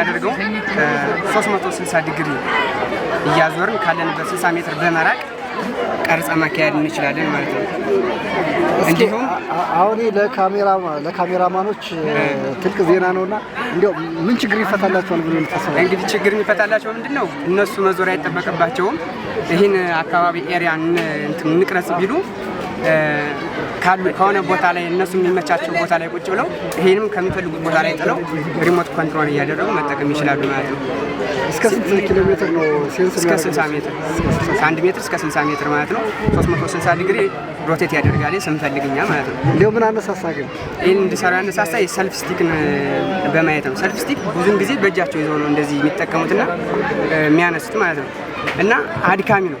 የምናደርገው 360 ዲግሪ እያዞርን ካለንበት 60 ሜትር በመራቅ ቀርጻ ማካሄድ እንችላለን ማለት ነው። እንዲሁም አሁን ለካሜራ ለካሜራማኖች ትልቅ ዜና ነውና እንዲያው ምን ችግር ይፈታላቸዋል ብሎ ተሰ እንግዲህ ችግር የሚፈታላቸው ምንድን ነው? እነሱ መዞር አይጠበቅባቸውም። ይህን አካባቢ ኤሪያ እንቅረጽ ቢሉ ከሆነ ቦታ ላይ እነሱ የሚመቻቸው ቦታ ላይ ቁጭ ብለው ይህንም ከሚፈልጉት ቦታ ላይ ጥለው ሪሞት ኮንትሮል እያደረጉ መጠቀም ይችላሉ ማለት ነው። እስከ ስንት ኪሎ ሜትር ነው? እስከ 60 ሜትር፣ ከአንድ ሜትር እስከ 60 ሜትር ማለት ነው። 360 ዲግሪ ሮቴት ያደርጋል ስንፈልግኛ ማለት ነው። እንዲሁ ምን አነሳሳ ግን ይህን እንዲሰራ አነሳሳ የሰልፍ ስቲክን በማየት ነው። ሰልፍ ስቲክ ብዙን ጊዜ በእጃቸው ይዘው ነው እንደዚህ የሚጠቀሙትና የሚያነሱት ማለት ነው። እና አድካሚ ነው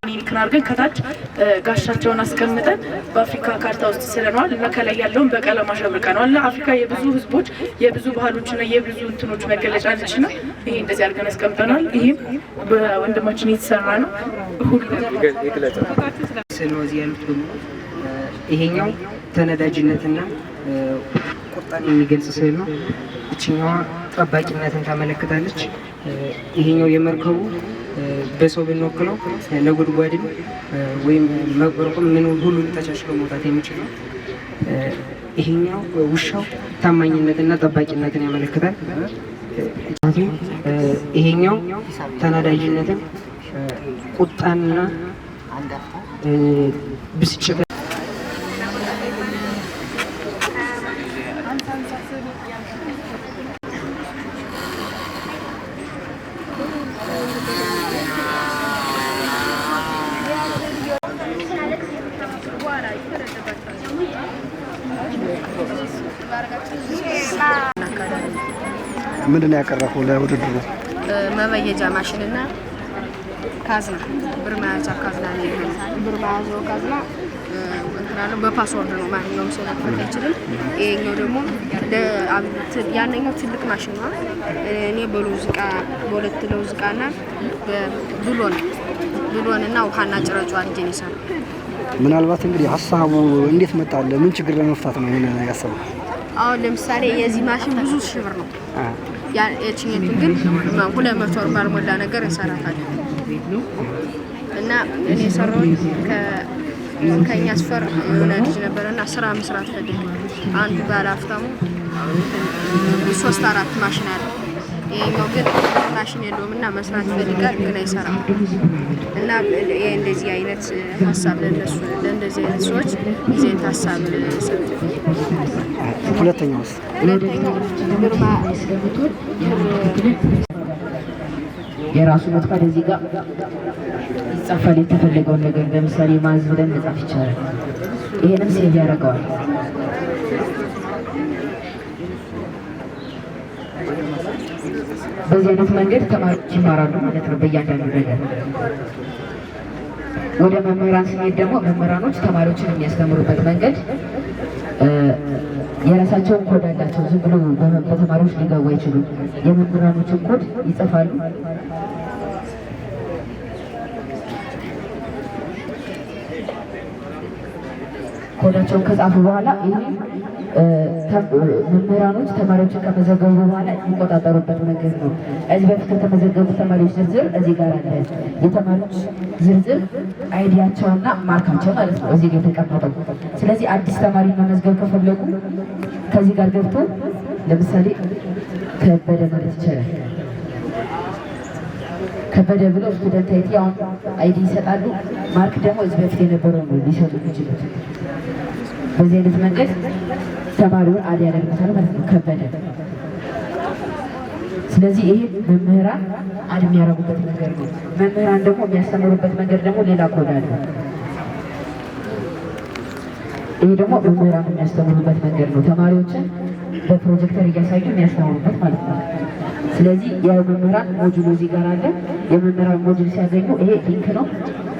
እንትን አድርገን ከታች ጋሻቸውን አስቀምጠን በአፍሪካ ካርታ ውስጥ ስለነዋል እና ከላይ ያለውን በቀለም አሸብርቀነዋል እና አፍሪካ የብዙ ህዝቦች የብዙ ባህሎችና የብዙ እንትኖች መገለጫ ነች እና ይሄ እንደዚህ አድርገን አስቀምጠናል። ይህም በወንድማችን የተሰራ ነው። ይሄኛው ተነዳጅነትና ቁጣን የሚገልጽ ስዕል ነው። እችኛዋ ጠባቂነትን ታመለክታለች። ይሄኛው የመርከቡ በሰው ብንወክለው ነጎድጓድን ወይም መቆርቆም ምን ሁሉ ተቻችሎ መውጣት የሚችል ነው። ይሄኛው ውሻው ታማኝነትና ጠባቂነትን ያመለክታል። ይሄኛው ተናዳጅነትን ቁጣንና ብስጭት ምንድን ያቀረበው ለውድድሩ? መበየጃ ማሽንና ካዝና ብር መያዣ ካዝና ነው። ብር መያዣው ካዝና እንትናለው በፓስወርድ ነው። ማንኛውም ሰው መክፈት አይችልም። ይሄኛው ደግሞ ያነኛው ትልቅ ማሽን ነው። እኔ በለውዝ በሁለት ለውዝ ዕቃና ብሎን ብሎን እና ውሃና ጭረጩ ልጄ ነው የሰራው። ምናልባት እንግዲህ ሀሳቡ እንዴት መጣለ? ምን ችግር ለመፍታት ነው ያሰበው? አሁን ለምሳሌ የዚህ ማሽን ብዙ ሺህ ብር ነው። የትኛቱን ግን ሁለት መቶ ወር ባልሞላ ነገር እንሰራታለን እና እኔ የሰራውን ከኛ ስፈር የሆነ ልጅ ነበረ እና ስራ መስራት ፈልግ አንዱ ባለ ባለሀብታሙ ሶስት አራት ማሽን አለው ይሄኛው ግን ማሽን የለውም እና መስራት ይፈልጋል ግን አይሰራም። እና እንደዚህ አይነት ሀሳብ ለነሱ ለእንደዚህ አይነት ሰዎች እዚህ ሀሳብ ሰጡ። ሁለተኛው ሁለተኛው ግርማ የራሱ መጥፋት እዚህ ጋር ይጻፋል። የተፈለገውን ነገር ለምሳሌ ማዝ ብለን መጻፍ ይቻላል። ይሄንም ሴቭ ያደርገዋል። በዚህ አይነት መንገድ ተማሪዎች ይማራሉ ማለት ነው። በእያንዳንዱ ነገር ወደ መምህራን ስንሄድ ደግሞ መምህራኖች ተማሪዎችን የሚያስተምሩበት መንገድ የራሳቸውን ኮድ አላቸው። ዝም ብሎ በተማሪዎች ሊገቡ አይችሉም። የመምህራኖችን ኮድ ይጽፋሉ። ኮዳቸውን ከጻፉ በኋላ መምህራኖች ተማሪዎችን ከመዘገቡ በኋላ የሚቆጣጠሩበት መንገድ ነው። እዚህ በፊት ከተመዘገቡ ተማሪዎች ዝርዝር እዚህ ጋር አለ። የተማሪዎች ዝርዝር አይዲያቸውና ማርካቸው ማለት ነው እዚህ ጋር የተቀመጠው። ስለዚህ አዲስ ተማሪ መመዝገብ ከፈለጉ ከዚህ ጋር ገብቶ ለምሳሌ ከበደ ማለት ይቻላል። ከበደ ብሎ ስቱደንት አይቲ አሁን አይዲ ይሰጣሉ። ማርክ ደግሞ እዚህ በፊት የነበረው ነው ሊሰጡ ይችሉት። በዚህ አይነት መንገድ ተማሪውን አድ ያደርጉታል ማለት ነው። ከበደ ስለዚህ ይሄ መምህራን አድ የሚያደርጉበት መንገድ ነው። መምህራን ደግሞ የሚያስተምሩበት መንገድ ደግሞ ሌላ ኮዳ አለ። ይሄ ደግሞ መምህራን የሚያስተምሩበት መንገድ ነው። ተማሪዎችን በፕሮጀክተር እያሳዩ የሚያስተምሩበት ማለት ነው። ስለዚህ የመምህራን ሞጁል እዚህ ጋር አለ። የመምህራን ሞጁል ሲያገኙ ይሄ ሊንክ ነው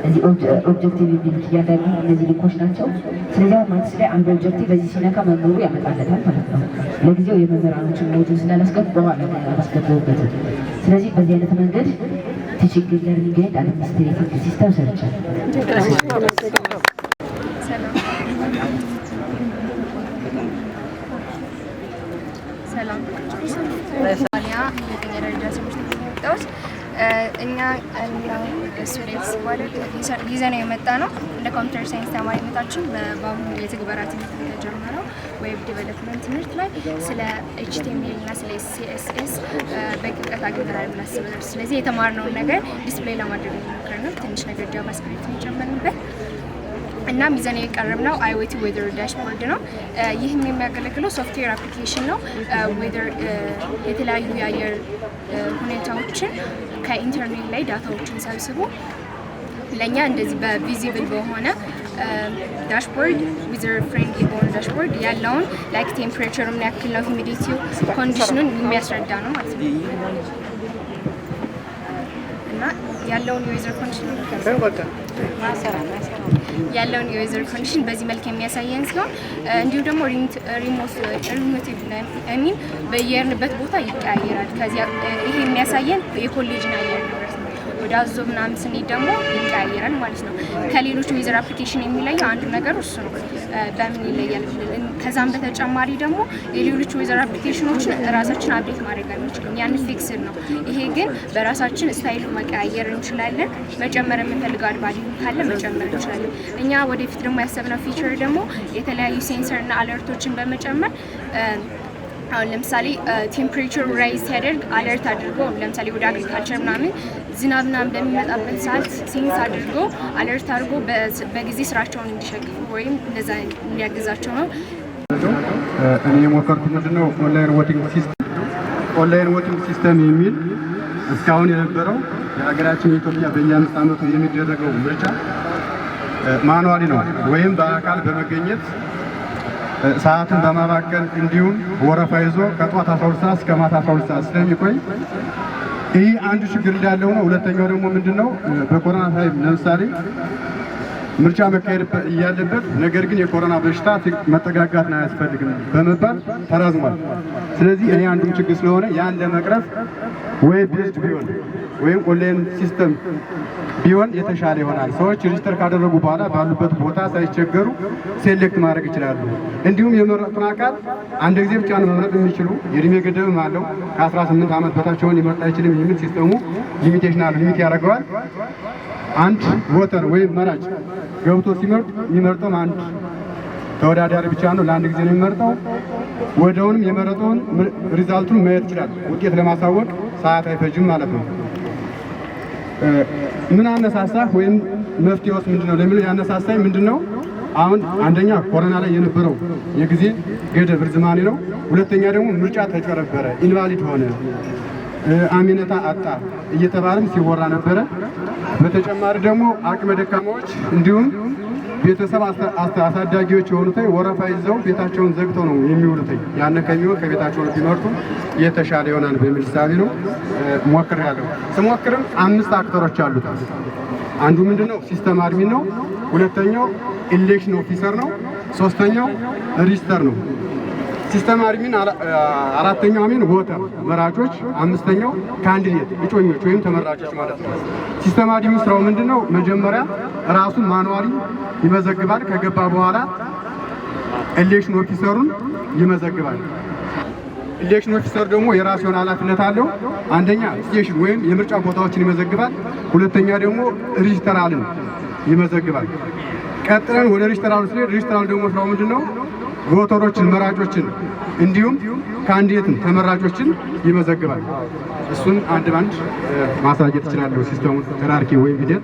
እዚህ ኦብጀክቲቭ የሚሉት እያንዳንዱ እነዚህ ልኮች ናቸው። ስለዚህ አሁን ማትስ ላይ አንድ ኦብጀክቲቭ በዚህ ሲነካ መምህሩ ያመጣለታል ማለት ነው። ለጊዜው የመምህራኖችን ሞጁል ስላላስገቡ በኋላ አላስገቡበትም። ስለዚህ በዚህ አይነት መንገድ ቲችንግ ለርኒንግ ኤንድ አድሚኒስትሬቲንግ ሲስተም ሰርቻል። ሰላም እኛ ሲባል ጊዜ ነው የመጣ ነው። እንደ ኮምፒውተር ሳይንስ ተማሪነታችን በአሁኑ የትግበራ ትምህርት የተጀመረው ዌብ ዲቨሎፕመንት ትምህርት ላይ ስለ ኤችቲኤምኤል እና ስለ ሲኤስኤስ በጥልቀት አግኝተናል ብናስበ ስለዚህ የተማርነውን ነገር ዲስፕሌይ ለማድረግ ሞክረን ነው። ትንሽ ነገር ጃቫስክሪፕት የጨመርንበት እናም ይዘን ነው አይኦቲ ዌዘር ዳሽቦርድ ነው። ይህም የሚያገለግለው ሶፍትዌር አፕሊኬሽን ነው። ዌዘር የተለያዩ የአየር ሁኔታዎችን ከኢንተርኔት ላይ ዳታዎችን ሰብስቦ ለእኛ እንደዚህ በቪዚብል በሆነ ዳሽቦርድ ዊዘር ፍሬንድ በሆነ ዳሽቦርድ ያለውን ላይክ ቴምፕሬቸር ምን ያክል ነው፣ ሂሚዲቲ ኮንዲሽኑን የሚያስረዳ ነው ማለት ነው እና ያለውን የዌዘር ኮንዲሽን ያለውን የወይዘር ኮንዲሽን በዚህ መልክ የሚያሳየን ሲሆን እንዲሁም ደግሞ ሪሞት ሚን በየርንበት ቦታ ይቀያየራል። ከዚያ ይሄ የሚያሳየን የኮሌጅን አየር ንብረት ነው። ወደ አዞ ምናምን ስንሄድ ደግሞ ይቀያየራል ማለት ነው። ከሌሎች ወይዘር አፕሊኬሽን የሚለየው አንዱ ነገር እሱ ነው። በምን ይለያል። ከዛም በተጨማሪ ደግሞ የሌሎች ዌዘር አፕሊኬሽኖችን ራሳችን አፕዴት ማድረግ አንችልም። ያን ፊክስድ ነው። ይሄ ግን በራሳችን ስታይሉ መቀያየር እንችላለን። መጨመር የምንፈልገው አድባዲ ካለ መጨመር እንችላለን። እኛ ወደፊት ደግሞ ያሰብነው ፊቸር ደግሞ የተለያዩ ሴንሰር እና አለርቶችን በመጨመር አሁን ለምሳሌ ቴምፕሬቸር uh, ራይዝ ሲያደርግ አለርት አድርጎ ለምሳሌ ወደ አግሪካልቸር ምናምን ዝናብ ምናምን በሚመጣበት ሰዓት ሴንስ አድርጎ አለርት አድርጎ በጊዜ ስራቸውን እንዲሸግፉ ወይም እንደዛ እንዲያገዛቸው ነው። እኔ የሞከርኩት ምንድነው ኦንላይን ቮቲንግ ሲስተም ኦንላይን ቮቲንግ ሲስተም የሚል እስካሁን የነበረው የሀገራችን የኢትዮጵያ በየአምስት ዓመቱ የሚደረገው ምርጫ ማኑዋሊ ነው ወይም በአካል በመገኘት ሰዓትን በማባከን እንዲሁም ወረፋ ይዞ ከጧት 12 ሰዓት እስከ ማታ 12 ሰዓት ስለሚቆይ ይህ አንድ ችግር እንዳለው ነው። ሁለተኛው ደግሞ ምንድን ነው? በኮሮና ታይም ለምሳሌ ምርጫ መካሄድ እያለበት ነገር ግን የኮሮና በሽታ መጠጋጋትን አያስፈልግም በመባል ተራዝሟል። ስለዚህ እኔ አንዱም ችግር ስለሆነ ያን ለመቅረፍ ወይ ቤዝድ ቢሆን ወይም ኦንላይን ሲስተም ቢሆን የተሻለ ይሆናል። ሰዎች ሪጅስተር ካደረጉ በኋላ ባሉበት ቦታ ሳይቸገሩ ሴሌክት ማድረግ ይችላሉ። እንዲሁም የመረጡን አካል አንድ ጊዜ ብቻ ነው መምረጥ የሚችሉ። የእድሜ ገደብም አለው። ከ18 ዓመት በታቸውን ሊመርጥ አይችልም የሚል ሲስተሙ ሊሚቴሽን አለ፣ ሊሚት ያደርገዋል። አንድ ቮተር ወይም መራጭ ገብቶ ሲመርጥ የሚመርጠውም አንድ ተወዳዳሪ ብቻ ነው። ለአንድ ጊዜ ነው የሚመርጠው። ወደውንም የመረጠውን ሪዛልቱን ማየት ይችላል። ውጤት ለማሳወቅ ሰዓት አይፈጅም ማለት ነው። ምን አነሳሳ ወይም መፍትሄውስ ምንድነው ለሚለው ያነሳሳይ ምንድነው አሁን አንደኛ ኮሮና ላይ የነበረው የጊዜ ገደብ ርዝማኔ ነው። ሁለተኛ ደግሞ ምርጫ ተጨረበረ፣ ኢንቫሊድ ሆነ፣ አሚነታ አጣ እየተባለም ሲወራ ነበረ። በተጨማሪ ደግሞ አቅመ ደካማዎች እንዲሁም ቤተሰብ አሳዳጊዎች የሆኑት ወረፋ ይዘው ቤታቸውን ዘግተው ነው የሚውሉት። ያን ከሚሆን ከቤታቸው ቢመርቱ የተሻለ ይሆናል በሚል ሳቢ ነው ያለው። ስሞክርም አምስት አክተሮች አሉት። አንዱ ምንድን ነው ሲስተም አድሚን ነው። ሁለተኛው ኢሌክሽን ኦፊሰር ነው። ሶስተኛው ሪጅስተር ነው። ሲስተም አድሚን፣ አራተኛው አሚን ቮተር መራጮች፣ አምስተኛው ካንዲዴት እጮኞች ወይም ተመራጮች ማለት ነው። ሲስተም አድሚን ስራው ምንድን ነው? መጀመሪያ ራሱን ማኑዋሊ ይመዘግባል። ከገባ በኋላ ኤሌክሽን ኦፊሰሩን ይመዘግባል። ኢሌክሽን ኦፊሰር ደግሞ የራሱ የሆነ ኃላፊነት አለው። አንደኛ ስቴሽን ወይም የምርጫ ቦታዎችን ይመዘግባል። ሁለተኛ ደግሞ ሪጅስተራልን ይመዘግባል። ቀጥለን ወደ ሪጅስተራል ስሄድ ሪጅስተራል ደግሞ ስራው ምንድን ነው? ቮተሮችን መራጮችን እንዲሁም ካንዲዴትን ተመራጮችን ይመዘግባል። እሱን አንድ ባንድ ማሳየት እችላለሁ። ሲስተሙ ተራርኪ ወይም ሂደት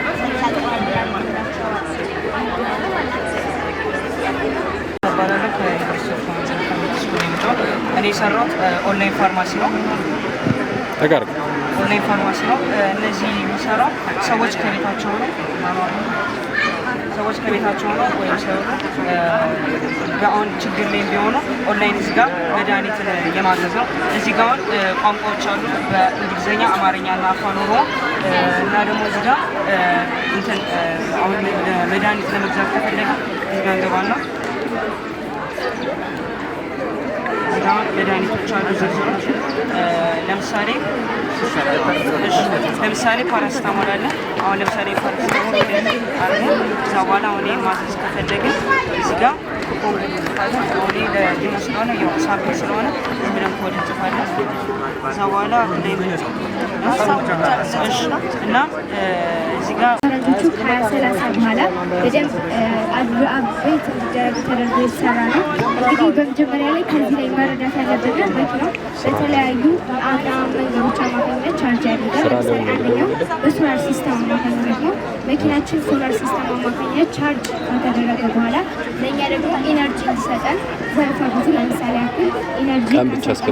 እኔ የሰራሁት ኦንላይን ፋርማሲ ነው። ተጋር ኦንላይን ፋርማሲ ነው። እነዚህ የሚሰራው ሰዎች ከቤታቸው ነው ሰዎች ከቤታቸው ነው ወይም ሰሩ በአሁን ችግር ላይ ቢሆኑ ኦንላይን እዚህ ጋር መድኃኒትን የማዘዝ ነው። እዚህ ጋር አሁን ቋንቋዎች አሉ፣ በእንግሊዝኛ አማርኛና አፋን ኦሮሞ እና ደግሞ እዚህ ጋር እንትን አሁን መድኃኒት ለመግዛት ከፈለገ እዚህ ጋር የቆዳ መድኃኒቶች አሉ ዝርዝሮች። ለምሳሌ ለምሳሌ ፓራስታሞል አለ። አሁን ለምሳሌ ፓራስታሞል አርሞ እዛ በኋላ አሁን ማዘዝ ከፈለግን እዚህ ጋር ስለሆነ ሳምፕል ስለሆነ ብለን ኮድ እንጽፋለን። እዛ በኋላ እና እዚህ ጋር ወጣቶቹ ከሀያ ሰላሳ በኋላ በደንብ አብሬት እንዲደረግ ተደርጎ የተሰራ ነው። እንግዲህ በመጀመሪያ ላይ ከዚህ ላይ መረዳት ያለብን መኪናው በተለያዩ አና መንገዶች አማካኝነት ቻርጅ ያደርጋል። ለምሳሌ አንደኛው በሶላር ሲስተም አማካኝነት ነው። መኪናችን ሶላር ሲስተም አማካኝነት ቻርጅ ከተደረገ በኋላ ለእኛ ደግሞ ኢነርጂ ይሰጠን። ዘርፈብዙ ለምሳሌ ያክል ኤነርጂ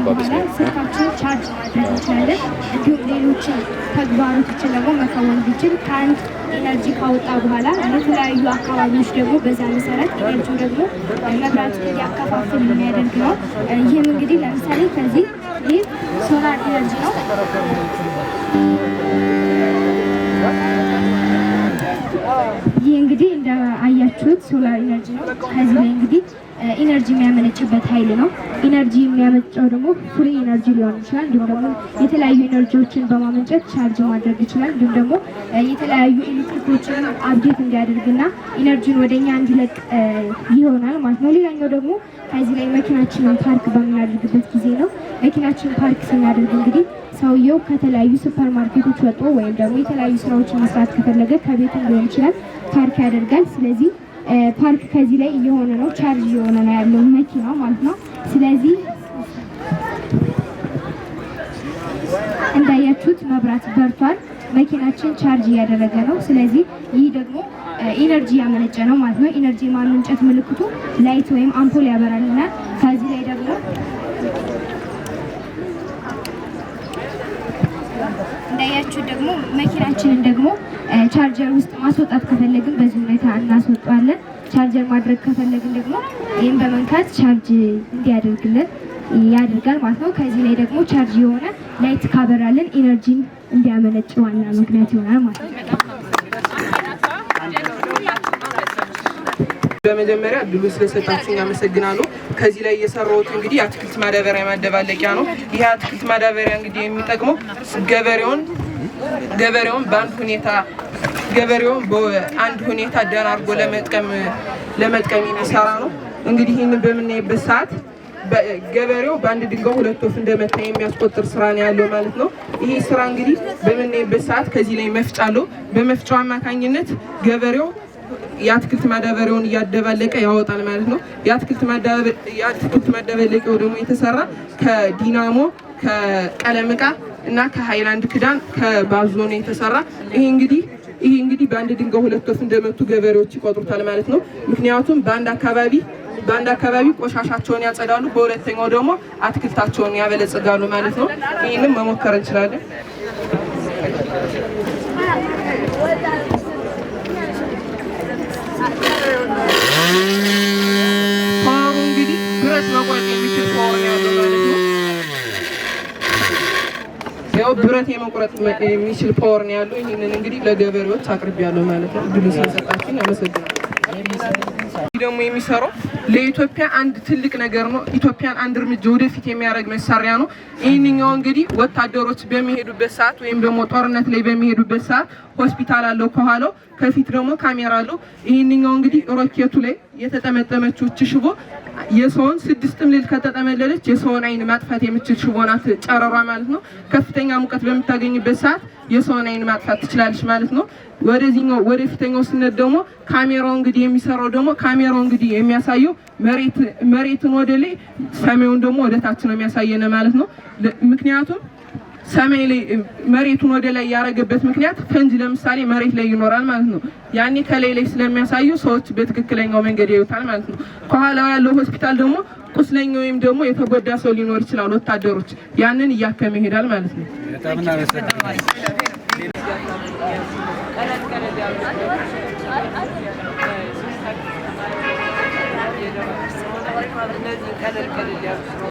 በኋላ ስልካችንን ቻርጅ ማድረግ እንችላለን። እንዲሁም ሌሎችን ተግባሮችን ደግሞ መከወን ቢችል ከአንድ ኤነርጂ ካወጣ በኋላ የተለያዩ አካባቢዎች ደግሞ በዛ መሰረት ኤነርጂ ደግሞ መብራቱን ሊያከፋፍል የሚያደርግ ነው። ይህም እንግዲህ ለምሳሌ ከዚህ ይህ ሶላር ኤነርጂ ነው። ይህ እንግዲህ እንደ አያችሁት ሶላር ኤነርጂ ነው። ከዚህ ላይ እንግዲህ ኢነርጂ የሚያመነጭበት ኃይል ነው። ኢነርጂ የሚያመነጨው ደግሞ ፍሪ ኢነርጂ ሊሆን ይችላል። እንዲሁም ደግሞ የተለያዩ ኢነርጂዎችን በማመንጨት ቻርጅ ማድረግ ይችላል። እንዲሁም ደግሞ የተለያዩ ኤሌክትሪኮችን አብዴት እንዲያደርግና ኢነርጂን ወደኛ እንዲለቅ ይሆናል ማለት ነው። ሌላኛው ደግሞ ከዚህ ላይ መኪናችንን ፓርክ በምናደርግበት ጊዜ ነው። መኪናችን ፓርክ ስናደርግ እንግዲህ ሰውየው ከተለያዩ ሱፐር ማርኬቶች ወጥቶ ወይም ደግሞ የተለያዩ ስራዎችን መስራት ከፈለገ ከቤቱም ሊሆን ይችላል ፓርክ ያደርጋል። ስለዚህ ፓርክ ከዚህ ላይ እየሆነ ነው፣ ቻርጅ እየሆነ ነው ያለው መኪና ማለት ነው። ስለዚህ እንዳያችሁት መብራት በርቷል። መኪናችን ቻርጅ እያደረገ ነው። ስለዚህ ይህ ደግሞ ኢነርጂ ያመነጨ ነው ማለት ነው። ኢነርጂ ማመንጨት ምልክቱ ላይት ወይም አምፖል ያበራልናል። እንዳያችሁ ደግሞ መኪናችንን ደግሞ ቻርጀር ውስጥ ማስወጣት ከፈለግን በዚህ ሁኔታ እናስወጣለን። ቻርጀር ማድረግ ከፈለግን ደግሞ ይህም በመንካት ቻርጅ እንዲያደርግልን ያደርጋል ማለት ነው። ከዚህ ላይ ደግሞ ቻርጅ የሆነ ላይት ካበራለን ኢነርጂን እንዲያመነጭ ዋና ምክንያት ይሆናል ማለት ነው። በመጀመሪያ ድሉ ስለሰጣችሁ አመሰግናለሁ። ከዚህ ላይ የሰራሁት እንግዲህ የአትክልት ማዳበሪያ ማደባለቂያ ነው። ይህ አትክልት ማዳበሪያ እንግዲህ የሚጠቅመው ገበሬውን ገበሬውን በአንድ ሁኔታ ገበሬውን በአንድ ሁኔታ ደህና አድርጎ ለመጥቀም ለመጥቀም የሚሰራ ነው። እንግዲህ ይህን በምናይበት ሰዓት ገበሬው በአንድ ድንጋይ ሁለት ወፍ እንደመታ የሚያስቆጥር ስራ ነው ያለው ማለት ነው። ይሄ ስራ እንግዲህ በምናይበት ሰዓት ከዚህ ላይ መፍጫ አለው። በመፍጫው አማካኝነት ገበሬው የአትክልት ማዳበሪያውን እያደባለቀ ያወጣል ማለት ነው። የአትክልት ማዳበለቂያው ደግሞ የተሰራ ከዲናሞ ከቀለም እቃ እና ከሀይላንድ ክዳን ከባዞ ነው የተሰራ። ይሄ እንግዲህ ይሄ እንግዲህ በአንድ ድንጋይ ሁለት ወፍ እንደመቱ ገበሬዎች ይቆጥሩታል ማለት ነው። ምክንያቱም በአንድ አካባቢ በአንድ አካባቢ ቆሻሻቸውን ያጸዳሉ፣ በሁለተኛው ደግሞ አትክልታቸውን ያበለጽጋሉ ማለት ነው። ይህንም መሞከር እንችላለን። ያው ብረት የመቁረጥ የሚችል ፓወር ነው ያለው። ይህንን እንግዲህ ለገበሬዎች አቅርቢያለሁ ማለት ነው። ድሉ ስለሰጣችሁኝ አመሰግናለሁ። ደግሞ የሚሰራው ለኢትዮጵያ አንድ ትልቅ ነገር ነው። ኢትዮጵያን አንድ እርምጃ ወደፊት የሚያደርግ መሳሪያ ነው። ይህንኛው እንግዲህ ወታደሮች በሚሄዱበት ሰዓት ወይም ደግሞ ጦርነት ላይ በሚሄዱበት ሰዓት ሆስፒታል አለው ከኋላው፣ ከፊት ደግሞ ካሜራ አለው። ይህንኛው እንግዲህ ሮኬቱ ላይ የተጠመጠመችው ሽቦ የሰውን ስድስትም ሌል ከተጠመለለች የሰውን አይን ማጥፋት የምችል ሽቦ ናት ጨረሯ ማለት ነው። ከፍተኛ ሙቀት በምታገኝበት ሰዓት የሰውን አይን ማጥፋት ትችላለች ማለት ነው። ወደዚህኛው ወደ ፊተኛው ስነት ደግሞ ካሜራው እንግዲህ የሚሰራው ደግሞ ካሜራው እንግዲህ የሚያሳየው መሬት መሬትን ወደ ላይ ሰማዩን ደግሞ ወደ ታች ነው የሚያሳየን ማለት ነው። ምክንያቱም ሰማይ ላይ መሬቱን ወደ ላይ ያደረገበት ምክንያት ፈንጅ ለምሳሌ መሬት ላይ ይኖራል ማለት ነው። ያኔ ከላይ ላይ ስለሚያሳዩ ሰዎች በትክክለኛው መንገድ ያዩታል ማለት ነው። ከኋላው ያለው ሆስፒታል ደግሞ ቁስለኛ ወይም ደግሞ የተጎዳ ሰው ሊኖር ይችላል። ወታደሮች ያንን እያከመ ይሄዳል ማለት ነው።